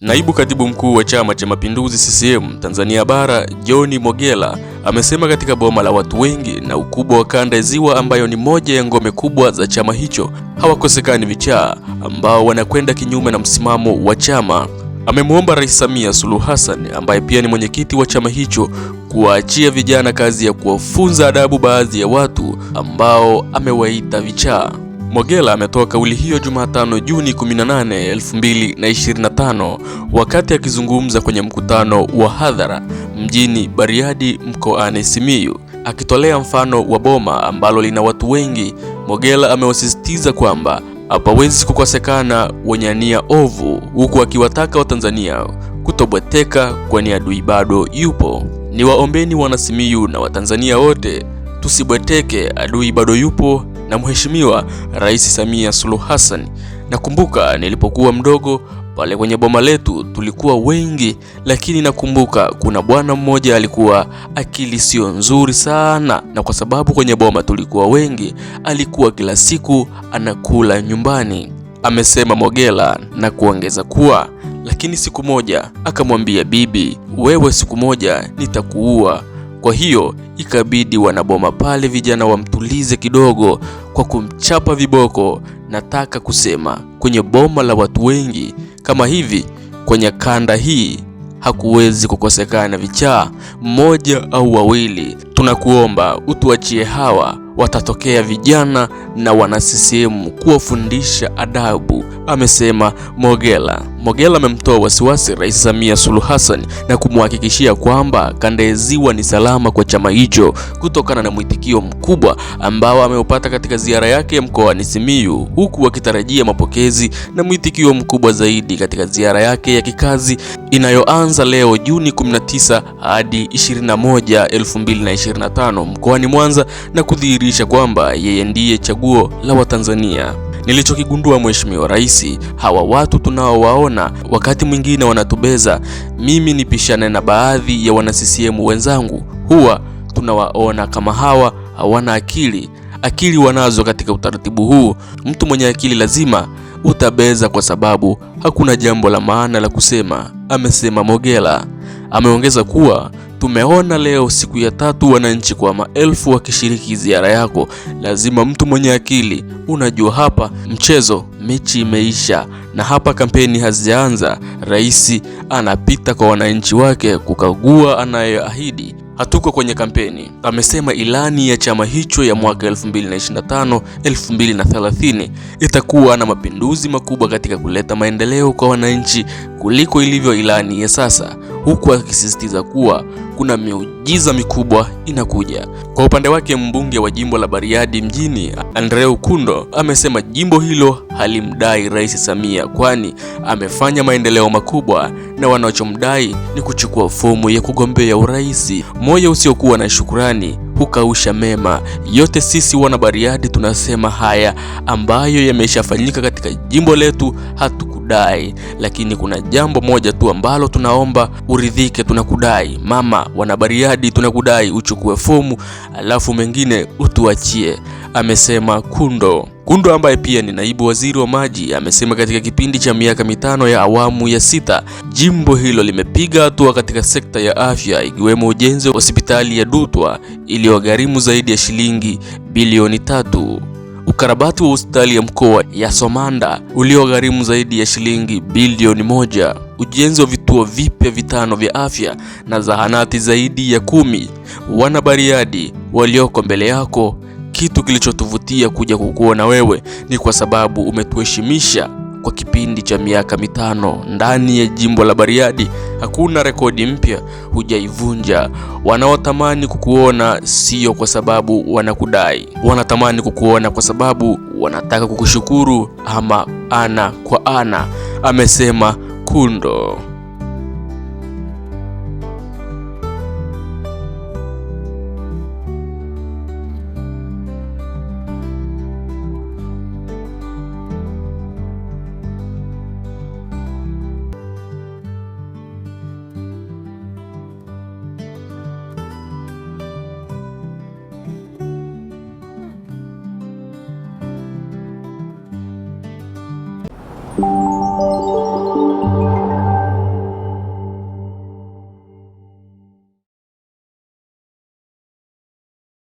Naibu katibu mkuu wa Chama cha Mapinduzi CCM Tanzania Bara, John Mogela amesema katika boma la watu wengi na ukubwa wa kanda ya Ziwa ambayo ni moja ya ngome kubwa za chama hicho, hawakosekani vichaa ambao wanakwenda kinyume na msimamo wa chama. Amemwomba Rais Samia Suluhu Hassan ambaye pia ni mwenyekiti wa chama hicho kuwaachia vijana kazi ya kuwafunza adabu baadhi ya watu ambao amewaita vichaa. Mogela ametoa kauli hiyo Jumatano Juni 18, 2025 wakati akizungumza kwenye mkutano wa hadhara mjini Bariadi mkoani Simiyu. Akitolea mfano wa boma ambalo lina watu wengi, Mogela amewasisitiza kwamba hapawezi kukosekana wenye nia ovu, huku akiwataka Watanzania kutobweteka, kwani adui bado yupo. Ni waombeni Wanasimiyu na Watanzania wote tusibweteke, adui bado yupo na Mheshimiwa Rais Samia Suluhu Hassan. Nakumbuka nilipokuwa mdogo pale kwenye boma letu tulikuwa wengi, lakini nakumbuka kuna bwana mmoja alikuwa akili sio nzuri sana, na kwa sababu kwenye boma tulikuwa wengi, alikuwa kila siku anakula nyumbani, amesema Mogela na kuongeza kuwa lakini siku moja akamwambia bibi, wewe siku moja nitakuua kwa hiyo ikabidi wanaboma pale vijana wamtulize kidogo kwa kumchapa viboko. Nataka kusema kwenye boma la watu wengi kama hivi, kwenye kanda hii hakuwezi kukosekana vichaa, mmoja au wawili. Tunakuomba utuachie hawa, watatokea vijana na wana CCM kuwafundisha adabu, amesema Mogela. Mogela amemtoa wasiwasi Rais Samia Suluhu Hassan na kumhakikishia kwamba kanda ya Ziwa ni salama kwa chama hicho kutokana na mwitikio mkubwa ambao ameupata katika ziara yake ya mkoani Simiyu, huku akitarajia mapokezi na mwitikio mkubwa zaidi katika ziara yake ya kikazi inayoanza leo Juni 19 hadi 21, 2025 mkoani Mwanza na kudhihirisha kwamba yeye ndiye chaguo la Watanzania. Nilichokigundua Mheshimiwa Rais, hawa watu tunaowaona wakati mwingine wanatubeza. Mimi nipishane na baadhi ya wana CCM wenzangu, huwa tunawaona kama hawa hawana akili. Akili wanazo katika utaratibu huu. Mtu mwenye akili lazima utabeza, kwa sababu hakuna jambo la maana la kusema, amesema Mogela. Ameongeza kuwa tumeona leo siku ya tatu wananchi kwa maelfu wakishiriki ziara yako. Lazima mtu mwenye akili, unajua hapa mchezo, mechi imeisha na hapa kampeni hazijaanza. Rais anapita kwa wananchi wake kukagua anayoahidi. Hatuko kwenye kampeni, amesema. Ilani ya chama hicho ya mwaka 2025 2030 itakuwa na mapinduzi makubwa katika kuleta maendeleo kwa wananchi kuliko ilivyo ilani ya sasa huku akisisitiza kuwa kuna miujiza mikubwa inakuja. Kwa upande wake, mbunge wa jimbo la Bariadi mjini Andreu Kundo amesema jimbo hilo halimdai Rais Samia kwani amefanya maendeleo makubwa na wanachomdai ni kuchukua fomu ya kugombea urais. Moyo usiokuwa na shukurani hukausha mema. Yote sisi wana Bariadi tunasema haya ambayo yameshafanyika katika jimbo letu hatukudai, lakini kuna jambo moja tu ambalo tunaomba uridhike, tunakudai. Mama, wana Bariadi tunakudai uchukue fomu, alafu mengine utuachie, amesema Kundo. Kundo ambaye pia ni naibu waziri wa maji amesema katika kipindi cha miaka mitano ya awamu ya sita jimbo hilo limepiga hatua katika sekta ya afya ikiwemo ujenzi wa hospitali ya Dutwa iliyogharimu zaidi ya shilingi bilioni tatu, ukarabati wa hospitali ya mkoa ya Somanda uliogharimu zaidi ya shilingi bilioni moja, ujenzi wa vituo vipya vitano vya afya na zahanati zaidi ya kumi. Wana Bariadi walioko mbele yako kitu kilichotuvutia kuja kukuona wewe ni kwa sababu umetuheshimisha kwa kipindi cha miaka mitano ndani ya jimbo la Bariadi. Hakuna rekodi mpya, hujaivunja. Wanaotamani kukuona sio kwa sababu wanakudai, wanatamani kukuona kwa sababu wanataka kukushukuru, ama ana kwa ana, amesema Kundo.